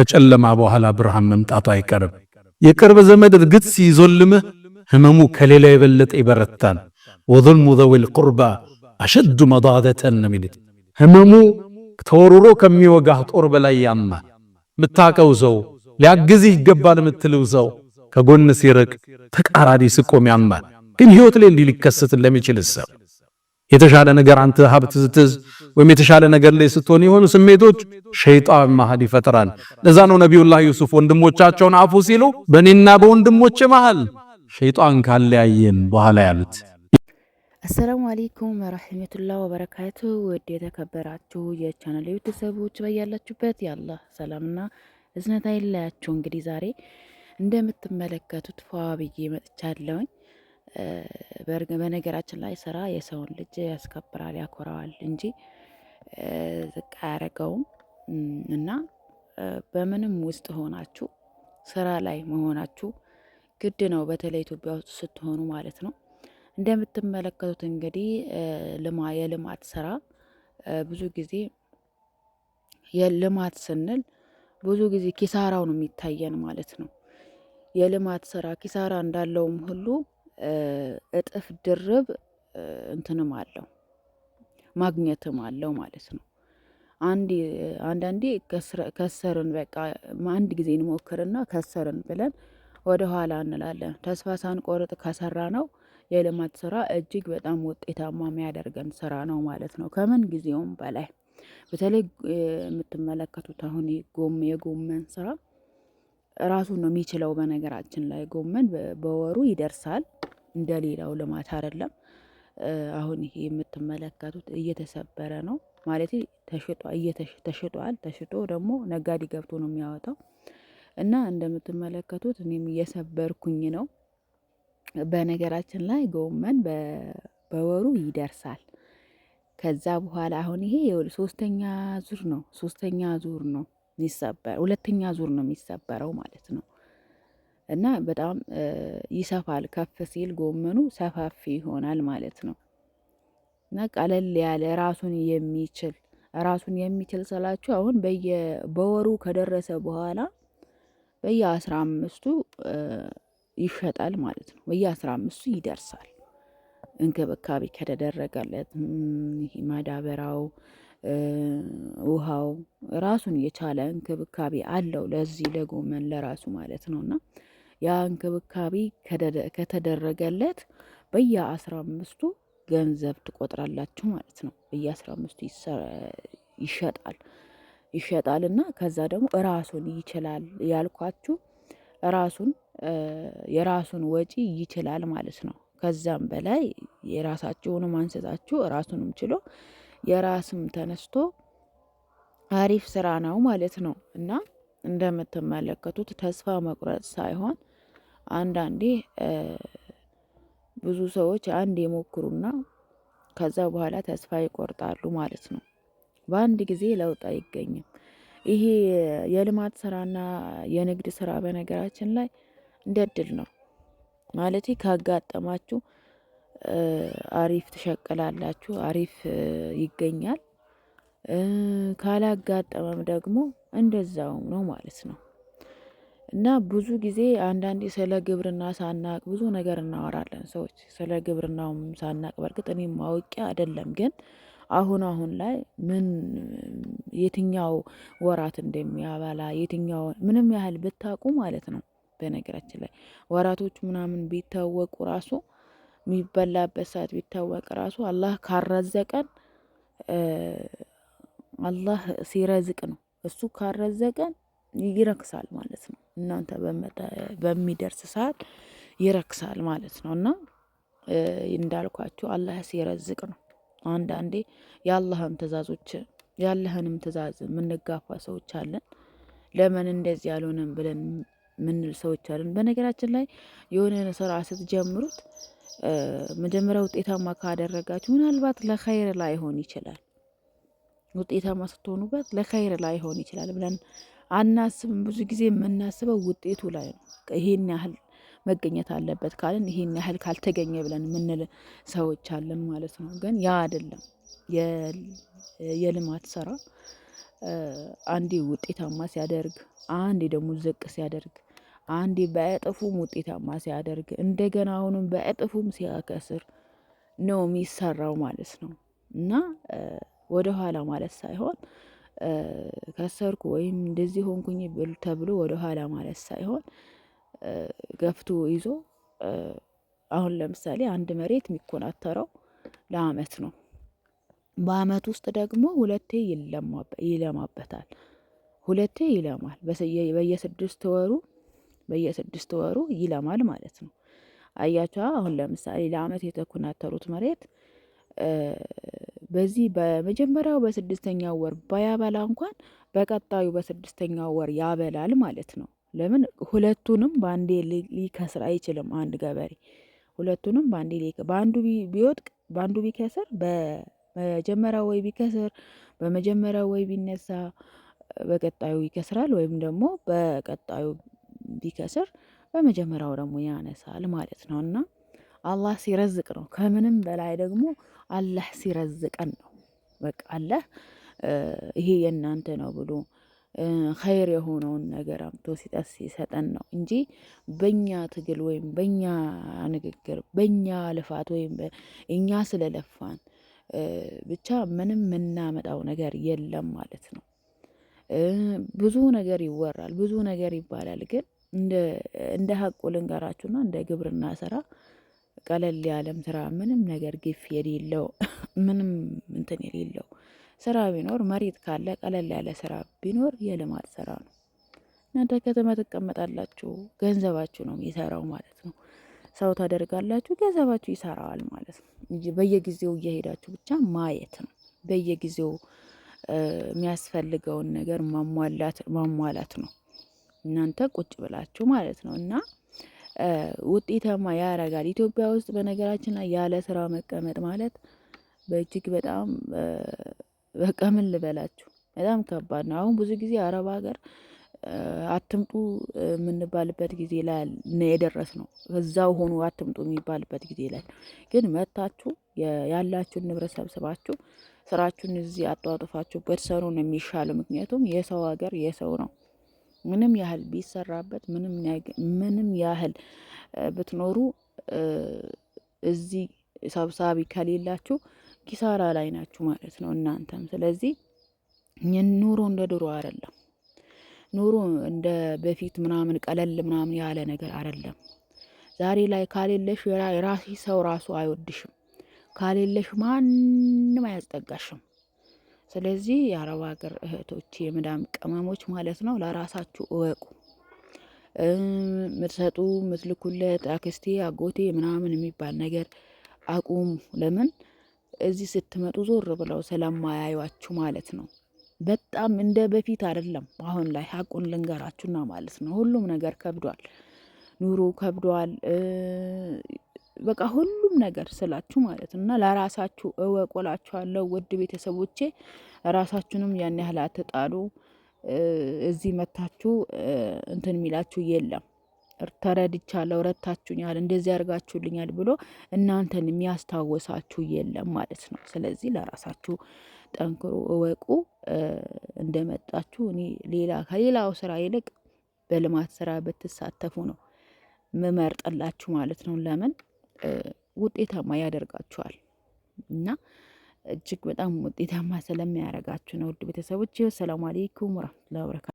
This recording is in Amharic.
ከጨለማ በኋላ ብርሃን መምጣቱ አይቀርም። የቅርብ ዘመድ እርግጥ ሲዞልምህ ህመሙ ከሌላ የበለጠ ይበረታል። ወظልሙ ዘዊል ቁርባ አሸዱ መዳደተን ሚልት ህመሙ ተወርሮ ከሚወጋህ ጦር በላይ ያማ ምታቀው ሰው ሊያግዝህ ይገባል ምትለው ሰው ከጎን ሲርቅ ተቃራኒ ስቆም ያማል። ግን ህይወት ላይ እንዲህ ሊከሰት ለሚችል ሰብ የተሻለ ነገር አንተ ሀብት ስትዝ ወይም የተሻለ ነገር ላይ ስትሆን የሆኑ ስሜቶች ሸይጣን መሃል ይፈጥራል። ለዛ ነው ነቢዩላህ ዩሱፍ ወንድሞቻቸውን አፉ ሲሉ በእኔና በወንድሞቼ መሃል ሸይጣን ካለያየን በኋላ ያሉት። አሰላሙ አለይኩም ወራህመቱላሂ ወበረካቱ። ውድ የተከበራችሁ የቻናል ቤተሰቦች በያላችሁበት የአላህ ሰላምና እዝነት አይለያችሁ። እንግዲህ ዛሬ እንደምትመለከቱት ፏ ብዬ መጥቻለሁኝ። በነገራችን ላይ ስራ የሰውን ልጅ ያስከብራል፣ ያኮረዋል እንጂ ዝቅ አያደርገውም። እና በምንም ውስጥ ሆናችሁ ስራ ላይ መሆናችሁ ግድ ነው። በተለይ ኢትዮጵያ ውስጥ ስትሆኑ ማለት ነው። እንደምትመለከቱት እንግዲህ ልማ የልማት ስራ ብዙ ጊዜ የልማት ስንል ብዙ ጊዜ ኪሳራው ነው የሚታየን ማለት ነው። የልማት ስራ ኪሳራ እንዳለውም ሁሉ እጥፍ ድርብ እንትንም አለው ማግኘትም አለው ማለት ነው። አንዳንዴ ከሰርን በቃ አንድ ጊዜ እንሞክርና ከሰርን ብለን ወደ ኋላ እንላለን። ተስፋ ሳንቆርጥ ከሰራ ነው የልማት ስራ እጅግ በጣም ውጤታማ የሚያደርገን ስራ ነው ማለት ነው ከምን ጊዜውም በላይ በተለይ የምትመለከቱት አሁን የጎመን ስራ ራሱን ነው የሚችለው። በነገራችን ላይ ጎመን በወሩ ይደርሳል። እንደሌላው ልማት አይደለም። አሁን ይሄ የምትመለከቱት እየተሰበረ ነው ማለት ተሽጧል። ተሽጦ ደግሞ ነጋዴ ገብቶ ነው የሚያወጣው እና እንደምትመለከቱት እኔም እየሰበርኩኝ ነው። በነገራችን ላይ ጎመን በወሩ ይደርሳል። ከዛ በኋላ አሁን ይሄ ሶስተኛ ዙር ነው። ሶስተኛ ዙር ነው የሚሰበር ሁለተኛ ዙር ነው የሚሰበረው ማለት ነው። እና በጣም ይሰፋል። ከፍ ሲል ጎመኑ ሰፋፊ ይሆናል ማለት ነው። እና ቀለል ያለ ራሱን የሚችል ራሱን የሚችል ስላችሁ አሁን በየ በወሩ ከደረሰ በኋላ በየ አስራ አምስቱ ይሸጣል ማለት ነው። በየ አስራ አምስቱ ይደርሳል እንክብካቤ ከተደረገለት ይሄ ማዳበራው ውሃው ራሱን የቻለ እንክብካቤ አለው። ለዚህ ለጎመን ለራሱ ማለት ነው እና ያ እንክብካቤ ከተደረገለት አስራ አምስቱ ገንዘብ ትቆጥራላችሁ ማለት ነው። አስራ አምስቱ ይሸጣል ይሸጣል እና ከዛ ደግሞ ራሱን ይችላል ያልኳችሁ ራሱን የራሱን ወጪ ይችላል ማለት ነው። ከዛም በላይ የራሳችሁንም አንስታችሁ ራሱንም ችሎ የራስም ተነስቶ አሪፍ ስራ ነው ማለት ነው። እና እንደምትመለከቱት ተስፋ መቁረጥ ሳይሆን አንዳንዴ ብዙ ሰዎች አንድ የሞክሩና ከዛ በኋላ ተስፋ ይቆርጣሉ ማለት ነው። በአንድ ጊዜ ለውጥ አይገኝም። ይሄ የልማት ስራና የንግድ ስራ በነገራችን ላይ እንደ እድል ነው። ማለት ካጋጠማችሁ አሪፍ ትሸቅላላችሁ፣ አሪፍ ይገኛል። ካላጋጠመም ደግሞ እንደዛውም ነው ማለት ነው። እና ብዙ ጊዜ አንዳንዴ ስለ ግብርና ሳናቅ ብዙ ነገር እናወራለን ሰዎች ስለ ግብርናውም ሳናቅ። በእርግጥ እኔም ማወቂያ አይደለም ግን አሁን አሁን ላይ ምን የትኛው ወራት እንደሚያበላ የትኛው ምንም ያህል ብታውቁ ማለት ነው። በነገራችን ላይ ወራቶች ምናምን ቢታወቁ ራሱ የሚበላበት ሰዓት ቢታወቅ ራሱ አላህ ካረዘቀን አላህ ሲረዝቅ ነው። እሱ ካረዘቀን ይረክሳል ማለት ነው። እናንተ በሚደርስ ሰዓት ይረክሳል ማለት ነው። እና እንዳልኳችሁ አላህ ሲረዝቅ ነው። አንዳንዴ የአላህን ትእዛዞች ያለህንም ትእዛዝ የምንጋፋ ሰዎች አለን። ለምን እንደዚህ ያልሆነም ብለን ምንል ሰዎች አለን። በነገራችን ላይ የሆነ ስራ ስትጀምሩት መጀመሪያ ውጤታማ ካደረጋችሁ ምናልባት ለኸይር ላይሆን ይችላል። ውጤታማ ስትሆኑበት ለኸይር ላይሆን ይችላል ብለን አናስብም። ብዙ ጊዜ የምናስበው ውጤቱ ላይ ነው። ይሄን ያህል መገኘት አለበት ካልን ይሄን ያህል ካልተገኘ ብለን የምንል ሰዎች አለን ማለት ነው። ግን ያ አይደለም። የልማት ስራ አንዴ ውጤታማ ሲያደርግ፣ አንዴ ደግሞ ዝቅ ሲያደርግ አንዴ በእጥፉም ውጤታማ ሲያደርግ እንደገና አሁንም በእጥፉም ሲያከስር ነው የሚሰራው ማለት ነው። እና ወደ ኋላ ማለት ሳይሆን ከሰርኩ ወይም እንደዚህ ሆንኩኝ ተብሎ ወደ ኋላ ማለት ሳይሆን ገፍቶ ይዞ አሁን ለምሳሌ አንድ መሬት የሚኮናተረው ለአመት ነው። በአመት ውስጥ ደግሞ ሁለቴ ይለማበታል። ሁለቴ ይለማል። በየስድስት ወሩ በየስድስት ወሩ ይለማል ማለት ነው። አያቸው አሁን ለምሳሌ ለአመት የተኮናተሩት መሬት በዚህ በመጀመሪያው በስድስተኛው ወር ባያበላ እንኳን በቀጣዩ በስድስተኛው ወር ያበላል ማለት ነው። ለምን ሁለቱንም በአንዴ ሊከስር አይችልም። አንድ ገበሬ ሁለቱንም በአንዴ በአንዱ ቢወድቅ በአንዱ ቢከስር በመጀመሪያው ወይ ቢከስር በመጀመሪያው ወይ ቢነሳ በቀጣዩ ይከስራል ወይም ደግሞ በቀጣዩ ቢከስር በመጀመሪያው ደግሞ ያነሳል ማለት ነው። እና አላህ ሲረዝቅ ነው። ከምንም በላይ ደግሞ አላህ ሲረዝቀን ነው። በቃ አላህ ይሄ የእናንተ ነው ብሎ ኸይር የሆነውን ነገር አምቶ ሲጠስ ሲሰጠን ነው እንጂ በእኛ ትግል ወይም በእኛ ንግግር በእኛ ልፋት ወይም እኛ ስለለፋን ብቻ ምንም የምናመጣው ነገር የለም ማለት ነው። ብዙ ነገር ይወራል፣ ብዙ ነገር ይባላል ግን እንደ ሀቁ ልንገራችሁና እንደ ግብርና ስራ ቀለል ያለም ስራ ምንም ነገር ግፍ የሌለው ምንም እንትን የሌለው ስራ ቢኖር መሬት ካለ ቀለል ያለ ስራ ቢኖር የልማት ስራ ነው። እናንተ ከተማ ትቀመጣላችሁ፣ ገንዘባችሁ ነው የሚሰራው ማለት ነው። ሰው ታደርጋላችሁ፣ ገንዘባችሁ ይሰራዋል ማለት ነው በየጊዜው እየሄዳችሁ ብቻ ማየት ነው። በየጊዜው የሚያስፈልገውን ነገር ማሟላት ነው። እናንተ ቁጭ ብላችሁ ማለት ነው እና ውጤታማ ያረጋል። ኢትዮጵያ ውስጥ በነገራችን ላይ ያለ ስራ መቀመጥ ማለት በእጅግ በጣም በቃ ምን ልበላችሁ በጣም ከባድ ነው። አሁን ብዙ ጊዜ አረብ ሀገር አትምጡ የምንባልበት ጊዜ ላይ የደረስ ነው። እዛው ሆኑ አትምጡ የሚባልበት ጊዜ ላይ ግን መታችሁ ያላችሁን ንብረት ሰብስባችሁ ስራችሁን እዚህ አጧጥፋችሁበት ብትሰሩ ነው የሚሻለው። ምክንያቱም የሰው ሀገር የሰው ነው። ምንም ያህል ቢሰራበት ምንም ያህል ብትኖሩ እዚህ ሰብሳቢ ከሌላችሁ ኪሳራ ላይ ናችሁ ማለት ነው እናንተም። ስለዚህ ኑሮ እንደ ድሮ አይደለም። ኑሮ እንደ በፊት ምናምን ቀለል ምናምን ያለ ነገር አይደለም። ዛሬ ላይ ካሌለሽ የራሴ ሰው ራሱ አይወድሽም። ካሌለሽ ማንም አያስጠጋሽም። ስለዚህ የአረብ ሀገር እህቶች የምዳም ቅመሞች ማለት ነው ለራሳችሁ እወቁ። ምትሰጡ ምትልኩለት አክስቴ አጎቴ ምናምን የሚባል ነገር አቁሙ። ለምን እዚህ ስትመጡ ዞር ብለው ስለማያዩችሁ ማለት ነው። በጣም እንደ በፊት አይደለም። አሁን ላይ ሀቁን ልንገራችሁና ማለት ነው ሁሉም ነገር ከብዷል፣ ኑሮ ከብዷል። በቃ ሁሉም ነገር ስላችሁ ማለት ነው እና ለራሳችሁ እወቆላችኋለሁ ውድ ቤተሰቦቼ። ራሳችሁንም ያን ያህል አትጣሉ። እዚህ መታችሁ እንትን የሚላችሁ የለም። ተረድቻለሁ፣ ረታችሁኛል፣ እንደዚህ ያርጋችሁልኛል ብሎ እናንተን የሚያስታወሳችሁ የለም ማለት ነው። ስለዚህ ለራሳችሁ ጠንክሮ እወቁ። እንደመጣችሁ እኔ ሌላ ከሌላው ስራ ይልቅ በልማት ስራ ብትሳተፉ ነው ምመርጥላችሁ ማለት ነው። ለምን ውጤታማ ያደርጋችኋል እና እጅግ በጣም ውጤታማ ስለሚያደርጋችሁ ነው። ውድ ቤተሰቦች ሰላም አሌይኩም ረመቱላ ወበረካቱ